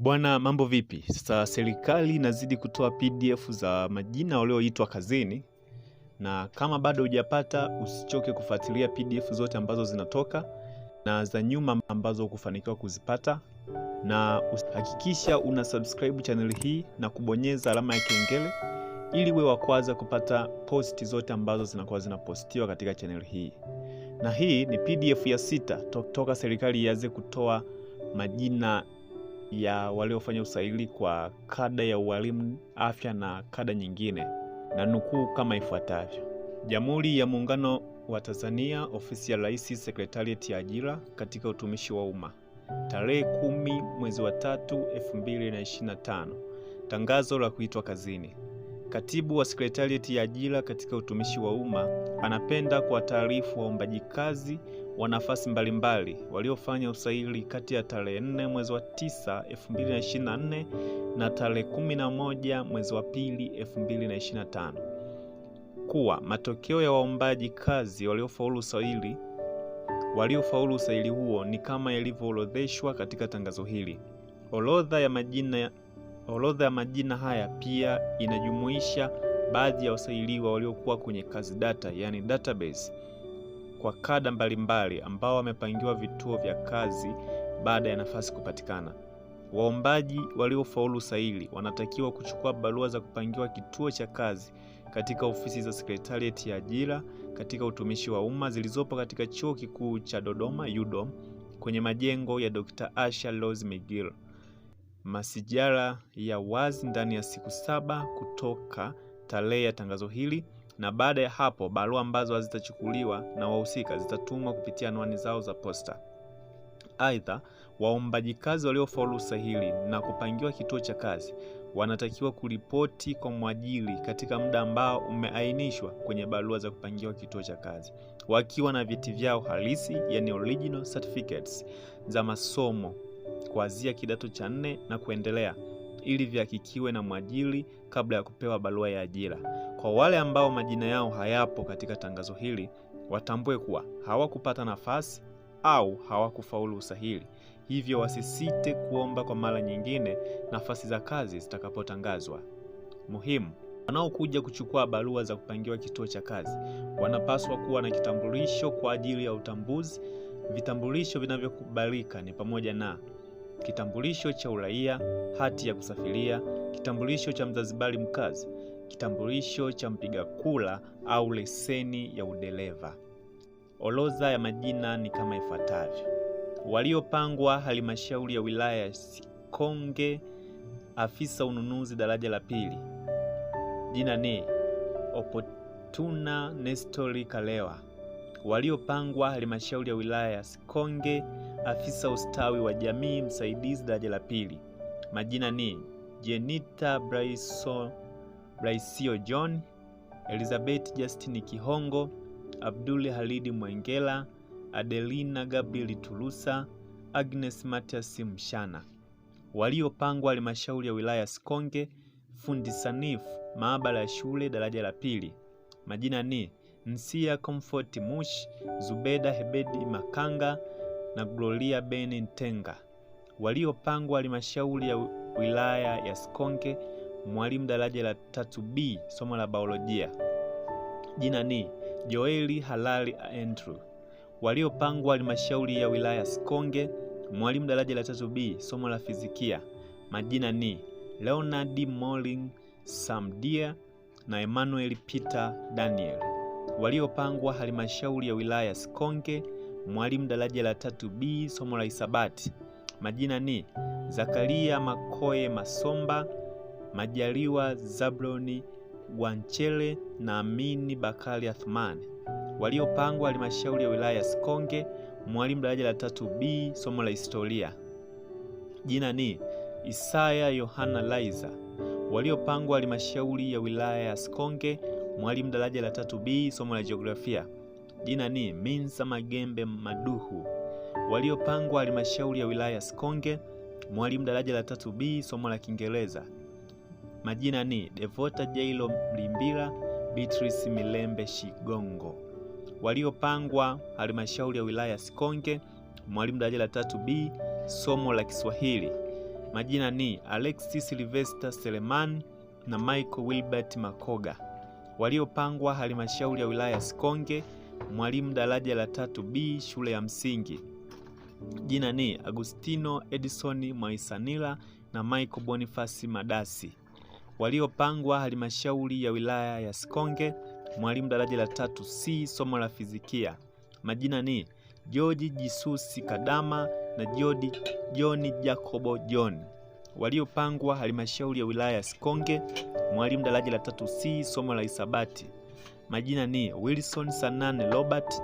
Bwana, mambo vipi? Sasa serikali inazidi kutoa PDF za majina walioitwa kazini, na kama bado hujapata, usichoke kufuatilia PDF zote ambazo zinatoka na za nyuma ambazo hukufanikiwa kuzipata, na hakikisha una subscribe channel hii na kubonyeza alama ya kengele ili uwe wa kwanza kupata posti zote ambazo zinakuwa zinapostiwa katika channel hii. Na hii ni PDF ya sita toka serikali ianze kutoa majina ya waliofanya usaili kwa kada ya ualimu, afya na kada nyingine, na nukuu kama ifuatavyo: Jamhuri ya Muungano wa Tanzania, Ofisi ya Rais, Sekretarieti ya Ajira katika Utumishi wa Umma, tarehe kumi mwezi wa tatu elfu mbili na ishirini na tano. Tangazo la kuitwa kazini. Katibu wa Sekretarieti ya Ajira katika Utumishi wa Umma anapenda kuwataarifu waombaji kazi wa nafasi mbalimbali waliofanya usaili kati ya tarehe 4 mwezi wa elfu mbili na tarehe 11 mwezi wa pili tano kuwa matokeo ya waombaji kazi waliofaulu usaili waliofaulu usaili huo ni kama yalivyoorodheshwa katika tangazo hili. Orodha ya majina, orodha ya majina haya pia inajumuisha baadhi ya wasailiwa waliokuwa kwenye kazi data, yani database kwa kada mbalimbali ambao wamepangiwa vituo vya kazi baada ya nafasi kupatikana. Waombaji waliofaulu usaili wanatakiwa kuchukua barua za kupangiwa kituo cha kazi katika ofisi za sekretarieti ya ajira katika utumishi wa umma zilizopo katika Chuo Kikuu cha Dodoma UDOM kwenye majengo ya Dr. Asha Rose McGill. Masijara ya wazi ndani ya siku saba kutoka tarehe ya tangazo hili na baada ya hapo barua ambazo hazitachukuliwa na wahusika zitatumwa kupitia anwani zao za posta. Aidha, waombaji kazi waliofaulu usahili na kupangiwa kituo cha kazi wanatakiwa kuripoti kwa mwajiri katika muda ambao umeainishwa kwenye barua za kupangiwa kituo cha kazi wakiwa na vyeti vyao halisi, yani original certificates za masomo kuanzia kidato cha nne na kuendelea ili vihakikiwe na mwajiri kabla ya kupewa barua ya ajira. Kwa wale ambao majina yao hayapo katika tangazo hili, watambue kuwa hawakupata nafasi au hawakufaulu usahili, hivyo wasisite kuomba kwa mara nyingine nafasi za kazi zitakapotangazwa. Muhimu, wanaokuja kuchukua barua za kupangiwa kituo cha kazi wanapaswa kuwa na kitambulisho kwa ajili ya utambuzi. Vitambulisho vinavyokubalika ni pamoja na kitambulisho cha uraia, hati ya kusafiria, kitambulisho cha mzazibari mkazi, kitambulisho cha mpiga kura au leseni ya udereva. Orodha ya majina ni kama ifuatavyo: waliopangwa halmashauri ya wilaya ya Sikonge, afisa ununuzi daraja la pili. Jina ni Opotuna Nestori Kalewa. Waliopangwa halmashauri ya wilaya ya Sikonge, afisa ustawi wa jamii msaidizi daraja la pili. Majina ni Jenita Braiso, Braisio John, Elizabeth Justini Kihongo, Abdul Halidi Mwengela, Adelina Gabriel Tulusa, Agnes Matias Mshana. Waliopangwa halmashauri ya wilaya Sikonge. Fundi sanifu maabara ya shule daraja la pili. Majina ni Nsia Comfort mush Zubeda Hebedi Makanga na Gloria Ben Ntenga waliopangwa halmashauri ya wilaya ya Sikonge, mwalimu daraja la tatu B somo la biolojia. Jina ni Joeli Halali Andrew waliopangwa halmashauri ya wilaya ya Sikonge, mwalimu daraja la tatu B somo la fizikia. Majina ni Leonard Moling Samdia na Emmanuel Peter Daniel waliopangwa halmashauri ya wilaya ya Sikonge mwalimu daraja la tatu B somo la hisabati. Majina ni Zakaria Makoye Masomba, Majaliwa Zabloni Wanchele na Amini Bakari Athmani. Waliopangwa halmashauri ya wilaya ya Sikonge, mwalimu daraja la tatu B somo la historia. Jina ni Isaya Yohana Laiza. Waliopangwa halmashauri ya wilaya ya Sikonge, mwalimu daraja la tatu B somo la jiografia jina ni Minsa Magembe Maduhu, waliopangwa halmashauri ya wilaya Sikonge, mwalimu daraja la tatu B, somo la Kiingereza. Majina ni Devota Jailo Mlimbila, Beatrice Milembe Shigongo, waliopangwa halmashauri ya wilaya Sikonge, mwalimu daraja la tatu B, somo la Kiswahili. Majina ni Alexis Sylvester Seleman na Michael Wilbert Makoga, waliopangwa halmashauri ya wilaya Sikonge mwalimu daraja la tatu B shule ya msingi. Jina ni Agustino Edison Mwaisanila na Michael Bonifasi Madasi, waliopangwa halmashauri ya wilaya ya Sikonge, mwalimu daraja la tatu C somo la fizikia. Majina ni George Jisusi Kadama na Jodi John Jacobo John, waliopangwa halmashauri ya wilaya ya Sikonge, mwalimu daraja la tatu C somo la hisabati. Majina ni Wilson Sanane Robert,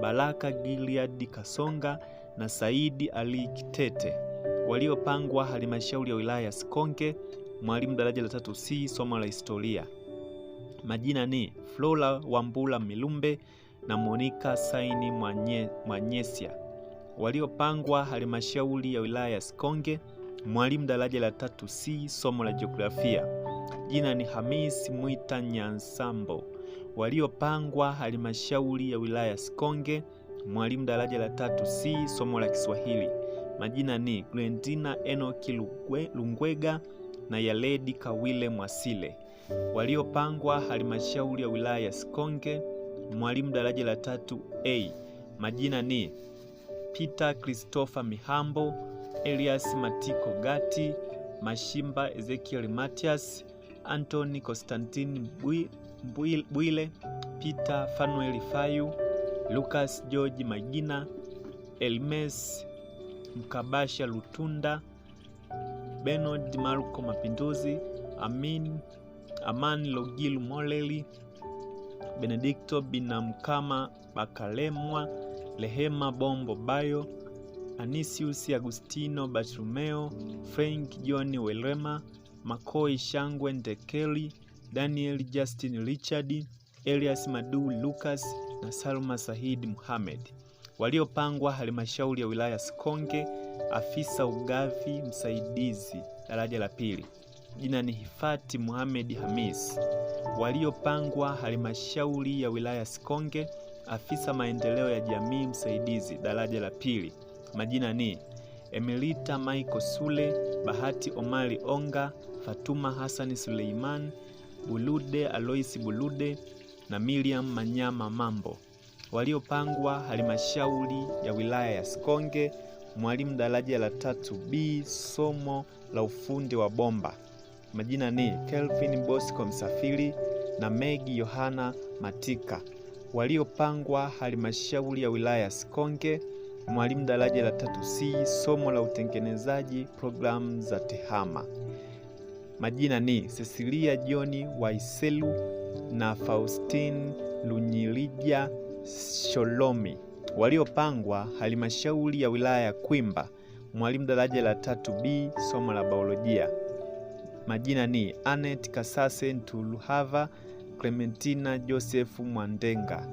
Baraka Giliadi Kasonga na Saidi Ali Kitete, waliopangwa halmashauri ya wilaya ya Sikonge, mwalimu daraja la tatu C, somo la historia. Majina ni Flora Wambula Milumbe na Monica Saini Mwanye, Mwanyesia, waliopangwa halmashauri ya wilaya ya Sikonge, mwalimu daraja la tatu C, somo la jiografia. Jina ni Hamis Mwita Nyansambo waliopangwa halmashauri ya wilaya ya Sikonge, mwalimu daraja la tatu C, somo la Kiswahili. Majina ni Glentina Enoki Lungwega na Yaledi Kawile Mwasile, waliopangwa halmashauri ya wilaya ya Sikonge, mwalimu daraja la tatu A. Majina ni Peter Christopher Mihambo, Elias Matiko Gati, Mashimba Ezekiel Matias, Anthony Constantine Bwile, Peter Fanuel Fayu, Lucas George Magina, Elmes Mkabasha Lutunda, Benard Marco Mapinduzi, Amin Aman Logil Moleli, Benedikto Binamkama Bakalemwa, lehema Bombo Bayo, Anisius Agustino Bartolomeo, Frank John Welema, Makoi Shangwe Ndekeli Daniel Justin Richard, Elias Madu Lucas na Salma Sahid Muhammad Waliopangwa halmashauri ya wilaya Sikonge, afisa ugavi msaidizi daraja la pili, jina ni Hifati Muhamed Hamis. Waliopangwa halmashauri ya wilaya Sikonge, afisa maendeleo ya jamii msaidizi daraja la pili, majina ni Emilita Michael Sule, Bahati Omari Onga, Fatuma Hasani Suleiman Bulude alois Bulude na Miriam Manyama Mambo, waliopangwa halmashauri ya wilaya ya Sikonge, mwalimu daraja la tatu B, somo la ufundi wa bomba. Majina ni Kelvin Bosco Msafiri na Megi Yohana Matika, waliopangwa halmashauri ya wilaya ya Sikonge, mwalimu daraja la tatu C, somo la utengenezaji programu za TEHAMA. Majina ni Cecilia John Waiselu na faustin Lunyilija Sholomi, waliopangwa halmashauri ya wilaya ya Kwimba, mwalimu daraja la tatu B, somo la biolojia. Majina ni Anet Kasase Ntuluhava, Clementina Joseph Mwandenga,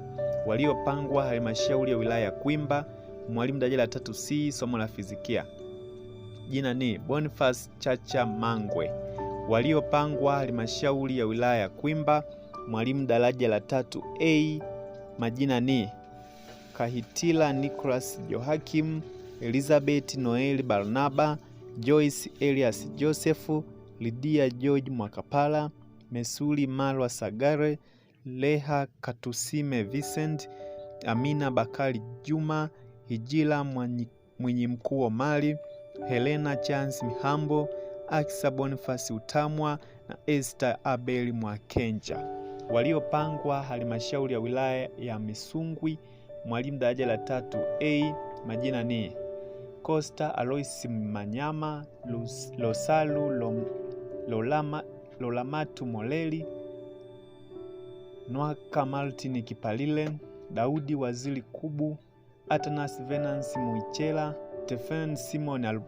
waliopangwa halmashauri ya wilaya ya Kwimba, mwalimu daraja la tatu C, somo la fizikia. Jina ni Boniface Chacha Mangwe waliopangwa halmashauri ya wilaya ya Kwimba. Mwalimu daraja la tatu A, majina ni Kahitila Nicholas johakim Elizabeth Noel Barnaba, Joyce Elias Joseph, Lidia George Mwakapala, Mesuli Marwa Sagare, Leha Katusime Vincent, Amina Bakari Juma, Hijila Mwenyimkuu Omari, Helena Chance Mihambo Aksa Bonifasi Utamwa na Esther Abeli Mwakenja, waliopangwa halmashauri ya wilaya ya Misungwi. Mwalimu daraja la tatu A, majina ni Costa Alois Manyama, Losalu Lolama, Lolamatu Moleli, Nwaka Martin Kipalile, Daudi Waziri Kubu, Atanas Venance Muichela, Stephen Simon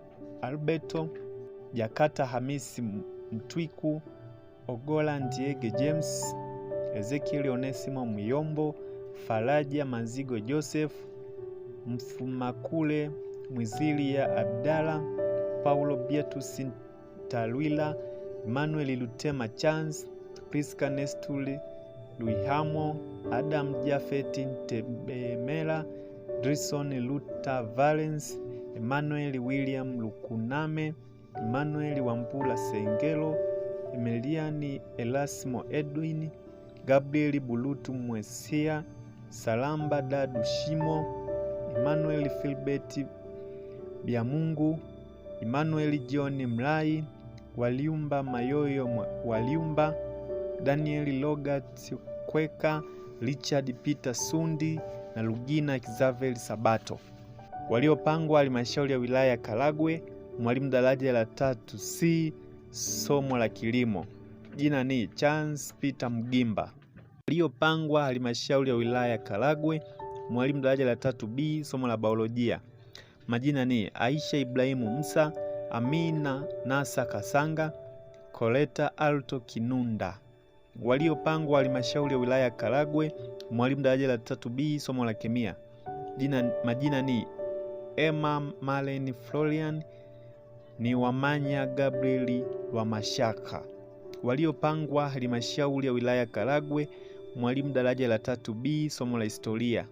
Alberto Jakata Hamisi Mtwiku, Ogola Ndiege James, Ezekiel Onesimo Myombo, Faraja Mazigo Joseph, Mfumakule Mwizilia Abdala, Paulo Beatus talwila Emmanuel Lutema Chance, Priska Nestuli Luihamo, Adam Jafeti Ntebemela, Drison Luta Valence, Emmanuel William Lukuname Emmanuel wambula Sengelo, Emiliani Erasmo Edwin, Gabriel Bulutu Mwesia, Salamba Dadu Shimo, Emmanuel Filbert Biamungu, Emmanuel John Mlai, Waliumba Mayoyo Waliumba, Daniel Logat Kweka, Richard Peter Sundi na Lugina Xavier Sabato. Waliopangwa halmashauri ya wilaya ya Karagwe. Mwalimu daraja la tatu C, somo la kilimo, jina ni Charles Peter Mgimba, Aliyopangwa halmashauri ya wilaya Karagwe. Mwalimu daraja la tatu B, somo la biolojia, majina ni Aisha Ibrahimu Musa, Amina Nasa Kasanga, Koleta Alto Kinunda, waliopangwa halmashauri ya wilaya ya Karagwe. Mwalimu daraja la tatu B, somo la kemia, jina majina ni Emma Marlene Florian ni Wamanya Gabriel Rwamashaka waliopangwa halmashauri ya wilaya Karagwe, mwalimu daraja la tatu B, somo la historia.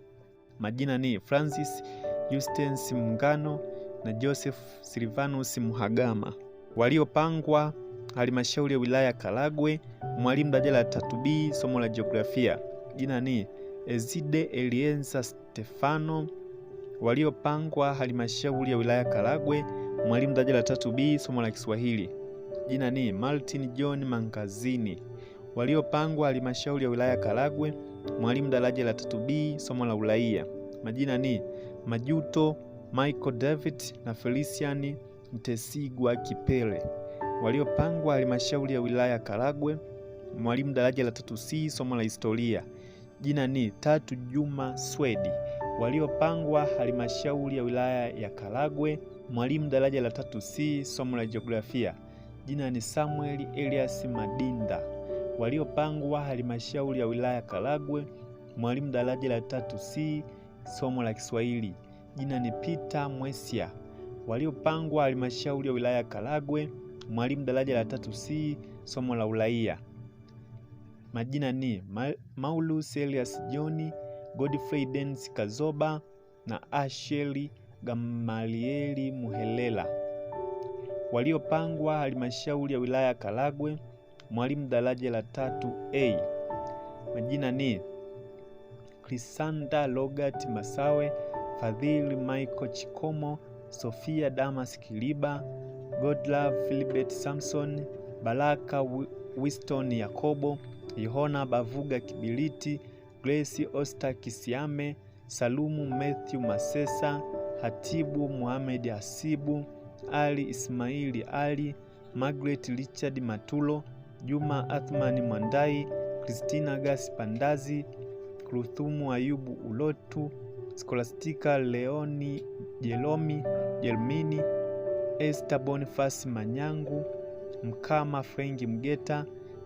Majina ni Francis Eustace mngano na Joseph Silvanus Mhagama waliopangwa halmashauri ya wilaya Karagwe, mwalimu daraja la tatu B, somo la jiografia. Jina ni Ezide Elienza Stefano waliopangwa halmashauri ya wilaya Karagwe Mwalimu daraja la tatu B, somo la Kiswahili, jina ni Martin John Mankazini. Waliopangwa halmashauri ya wilaya Karagwe. Mwalimu daraja la tatu B, somo la uraia, majina ni Majuto Michael David na Felician Ntesigwa Kipele. Waliopangwa halmashauri ya wilaya Karagwe. Mwalimu daraja la tatu C, somo la historia, jina ni Tatu Juma Swedi. Waliopangwa halmashauri ya wilaya ya Karagwe. Mwalimu daraja la tatu C, somo la jiografia. Jina ni Samuel Elias Madinda, waliopangwa halmashauri ya wilaya Karagwe. Mwalimu daraja la tatu C, somo la Kiswahili. Jina ni Peter Mwesia, waliopangwa halmashauri ya wilaya Karagwe. Mwalimu daraja la tatu C, somo la uraia. Majina ni Maulus Elias John, Godfrey Dennis Kazoba na Asheli Gamalieli Muhelela, waliopangwa halmashauri ya wilaya ya Karagwe, mwalimu daraja la tatu A. Majina ni Krisanda Logat Masawe, Fadhili Michael Chikomo, Sofia Damas Kiliba, Godlove Philibert Samson, Baraka Winston Yakobo, Yohana Bavuga Kibiliti, Grace Oster Kisiame, Salumu Matthew Masesa Hatibu Mohamed Hasibu, Ali Ismaili Ali, Margaret Richard Matulo, Juma Athmani Mwandai, Christina Gasi Pandazi, Kuruthumu Ayubu Ulotu, Skolastika Leoni Jelomi Jelmini, Esther Bonifasi Manyangu, Mkama Frengi Mgeta,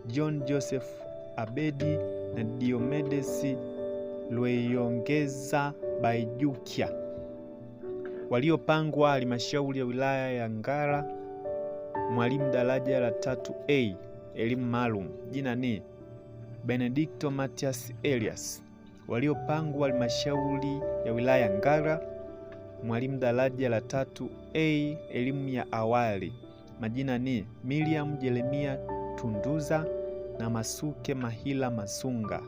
John Joseph Abedi na Diomedes Lweyongeza Baijukia waliopangwa halmashauri ya wilaya ya Ngara, mwalimu daraja la tatu A elimu maalum, jina ni Benedicto Matias Elias. Waliopangwa halmashauri ya wilaya ya Ngara, mwalimu daraja la tatu A elimu ya awali, majina ni Miriam Jeremia Tunduza na Masuke Mahila Masunga.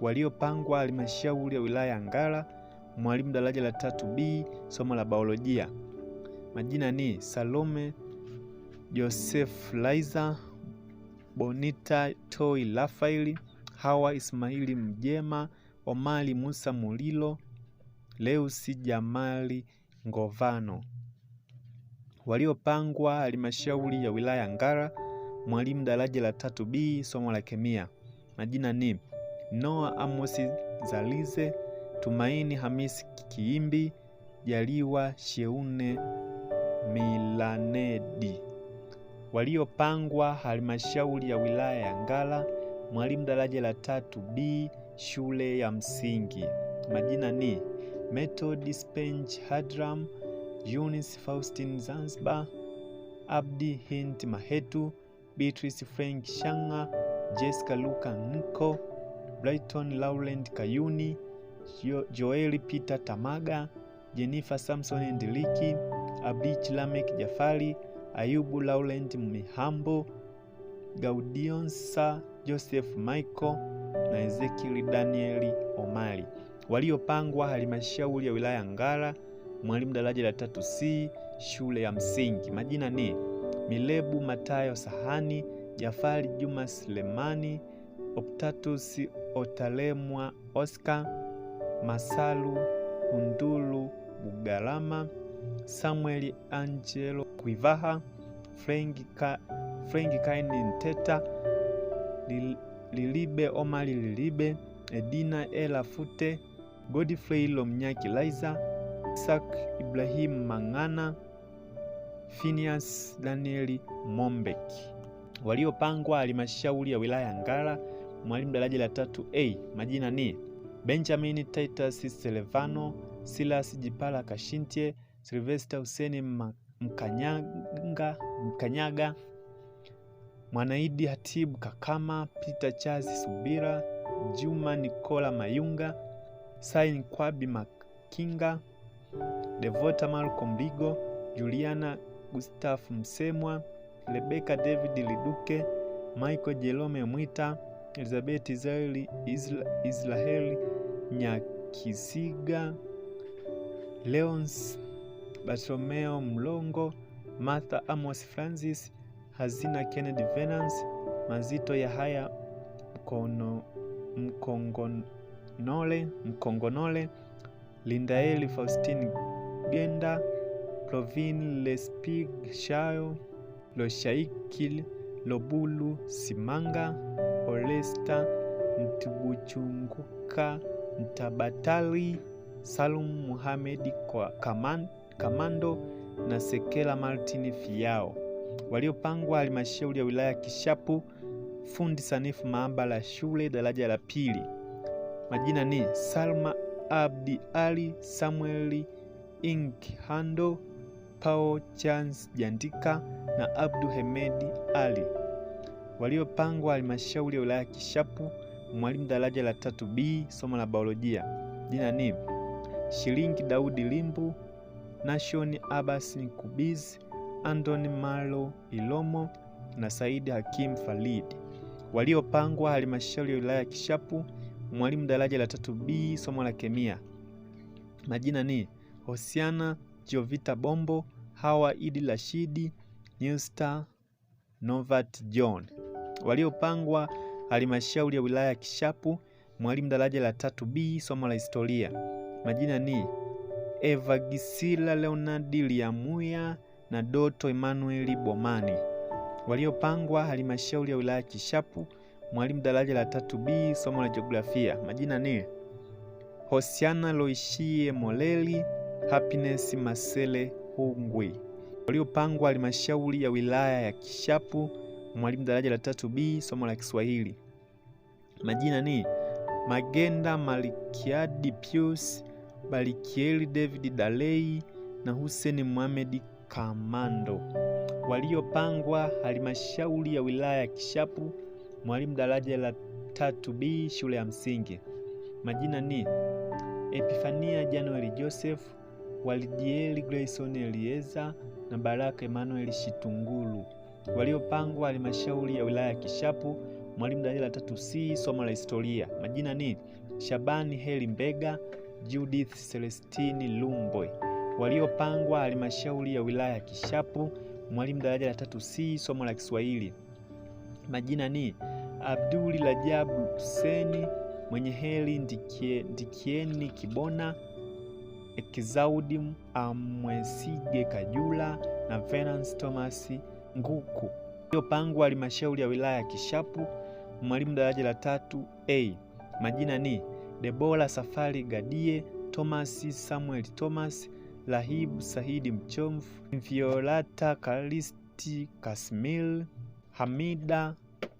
Waliopangwa halmashauri ya wilaya ya Ngara mwalimu daraja la tatu B, somo la biolojia. Majina ni Salome Joseph Liza Bonita Toi Rafael Hawa Ismaili Mjema, omali Musa Mulilo, Leusi Jamali Ngovano. Waliopangwa halmashauri ya wilaya Ngara, mwalimu daraja la tatu B, somo la kemia. Majina ni Noa Amosi Zalize Tumaini Hamisi Kiimbi, Jaliwa Sheune Milanedi. Waliopangwa halmashauri ya wilaya ya Ngara, mwalimu daraja la tatu B shule ya msingi. Majina ni Method Spenj Hadram, unis Faustin Zanzibar, Abdi Hint Mahetu, Beatrice Frank Shanga, Jessica Luka Nko, Brighton Laurent Kayuni Joel Joeli Peter Tamaga, Jennifer Samson Ndiliki, Abdich Lamek Jafari, Ayubu Laurent Mihambo, Gaudionsa Joseph Michael na Ezekiel daniel Omari, waliopangwa halmashauri ya wilaya Ngara, mwalimu daraja la tatu C shule ya msingi. Majina ni Milebu Matayo Sahani, Jafari Juma slemani Optatus Otalemwa Oscar Masalu Undulu Bugalama Samuel Angelo Kwivaha Frenki Kaini Nteta Lilibe Omari Lilibe Edina Ela Fute Godfrey Lomnyaki liza Isak Ibrahim Mang'ana Phineas Danieli mombek Waliopangwa halmashauri ya wilaya ya Ngara, mwalimu daraja la tatu A. Hey, majina ni Benjamin Titus Selevano, Silas Jipala Kashintie, Silvesta Huseni Mkanyaga, Mkanyaga Mwanaidi Hatibu Kakama, Peter Charles Subira, Juma Nikola Mayunga, Sain Kwabi Makinga, Devota Marco Mligo, Juliana Gustafu Msemwa, Rebeka David Liduke, Michael Jerome Mwita Elizabeth Israeli, Isla, Nyakisiga, Leons Bartolomeo Mlongo, Martha Amos Francis, Hazina Kennedy Venance, Mazito ya haya mkono, mkongonole, mkongonole Lindaeli Faustine Genda, Provin Lespig Shayo, Loshaikil Lobulu Simanga Kolesta Ntibuchunguka Ntabatali Salum Muhamedi Kamando na Sekela Martin fiao waliopangwa halmashauri ya wilaya Kishapu. Fundi sanifu maabara shule daraja la pili. Majina ni Salma Abdi Ali, Samueli Hando Paul Chance Jandika na Abdu Hemedi Ali waliopangwa halmashauri ya wilaya ya Kishapu, mwalimu daraja la tatu B, somo la biolojia. Jina ni Shilingi Daudi Limbu, Nashoni Abbas Nkubiz, Anton Malo Ilomo na Saidi Hakim Falid. Waliopangwa halmashauri ya wilaya ya Kishapu, mwalimu daraja la tatu B, somo la kemia. Majina ni Hosiana Jovita Bombo, Hawa Idi Rashidi, Newstar Novat John waliopangwa halmashauri ya wilaya ya Kishapu. Mwalimu daraja la tatu B, somo la historia. Majina ni Evagisila Leonardi Liamuya na Doto Emmanuel Bomani, waliopangwa halmashauri ya wilaya ya Kishapu. Mwalimu daraja la tatu B, somo la jiografia. Majina ni Hosiana Loishie Moleli, Happiness Masele Hungwi, waliopangwa halmashauri ya wilaya ya Kishapu mwalimu daraja la tatu B, somo la Kiswahili. Majina ni Magenda Malikiadi Pius, Balikieli David Dalei na Hussein Mohamed Kamando. Waliopangwa halmashauri ya wilaya ya Kishapu, mwalimu daraja la tatu B, shule ya msingi. Majina ni Epifania January Joseph, Walidieli Grayson Elieza na Baraka Emmanuel Shitungulu waliopangwa halmashauri ya wilaya ya Kishapu. Mwalimu daraja tatu C, somo la historia. Majina ni Shabani Heli Mbega, Judith Celestini Lumbwe. Waliopangwa halmashauri ya wilaya ya Kishapu. Mwalimu daraja la tatu C, somo la Kiswahili. Majina ni Abduli Rajabu Huseni, mwenye heli Ndikie, Ndikieni Kibona, ekizaudi Amwesige Kajula na Venance Thomas Nguku iliyopangwa halmashauri ya wilaya ya Kishapu, mwalimu daraja la tatu A. Majina ni Debora Safari Gadie, Thomas Samuel Thomas, rahib Sahidi Mchomfu, Violata Kalisti Kasmil, Hamida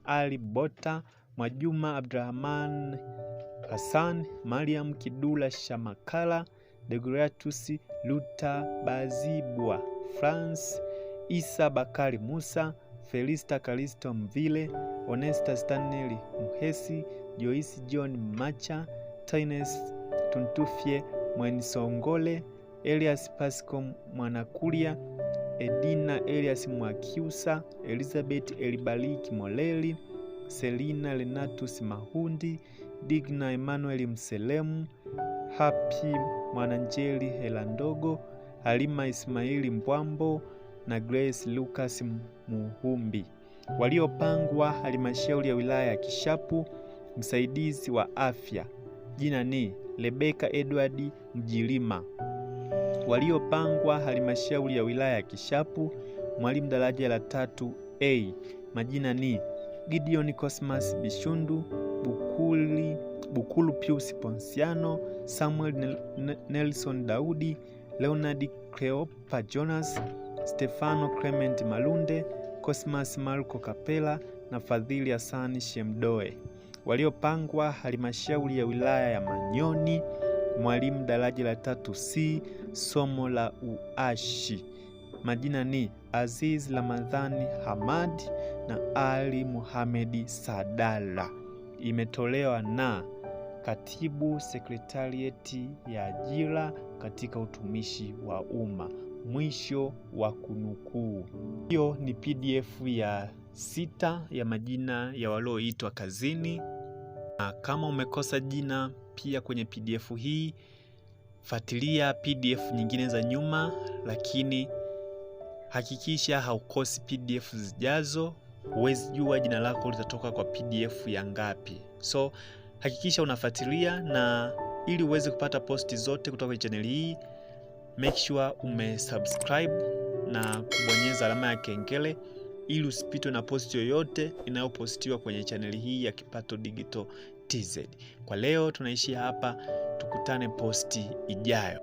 Ali Bota, Mwajuma Abdrahman Hassan, Mariam Kidula Shamakala, degratus Luta Bazibwa, France Isa Bakari Musa, Felista Kalisto Mvile, Onesta Stanley Muhesi, Joyce John Macha, Tines Tuntufye Mwenisongole, Elias Pasco Mwanakulia, Edina Elias Mwakiusa, Elizabeth Elibariki Moleli, Selina Lenatus Mahundi, Digna Emmanuel Mselemu, Happy Mwananjeli Helandogo, Halima Ismaili Mbwambo na Grace Lucas Muhumbi waliopangwa halmashauri ya wilaya ya Kishapu, msaidizi wa afya. Jina ni Rebeka Edward Mjilima, waliopangwa halmashauri ya wilaya ya Kishapu, mwalimu daraja la tatu A. Majina ni Gideon Cosmas Bishundu, Bukuli, Bukulu Pius Ponsiano, Samuel Nelson Daudi, Leonard Cleopa Jonas Stefano Clement Malunde, Cosmas Marco Kapela na Fadhili Hasani Shemdoe, waliopangwa halmashauri ya wilaya ya Manyoni, mwalimu daraja la tatu C, somo la uashi. Majina ni Aziz Ramadhani Hamadi na Ali Muhamedi Sadala. Imetolewa na Katibu Sekretarieti ya Ajira katika Utumishi wa Umma. Mwisho wa kunukuu. Hiyo ni PDF ya sita ya majina ya walioitwa kazini, na kama umekosa jina pia kwenye PDF hii, fuatilia PDF nyingine za nyuma, lakini hakikisha haukosi PDF zijazo. Huwezi jua jina lako litatoka kwa PDF ya ngapi, so hakikisha unafuatilia na ili uweze kupata posti zote kutoka kwenye chaneli hii make sure umesubscribe na kubonyeza alama ya kengele ili usipitwe na posti yoyote inayopostiwa kwenye chaneli hii ya Kipato Digital TZ. Kwa leo tunaishia hapa, tukutane posti ijayo.